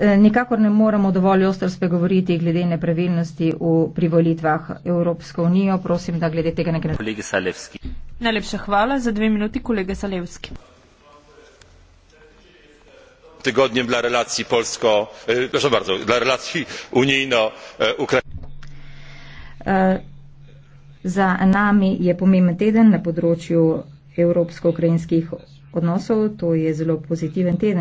Eh, nikakor ne moremo dovolj ostro spregovoriti glede nepravilnosti v privolitvah Evropsko unijo. Prosim, da glede tega nekaj naredite. Kolega Salevski. Najlepša hvala za dve minuti, kolega Salevski. Tygodniem dla relacji polsko, e, proszę bardzo, dla relacji unijno-ukraińskiej. E, za nami je pomemben teden na področju evropsko-ukrajinskih odnosov, to je zelo pozitiven teden.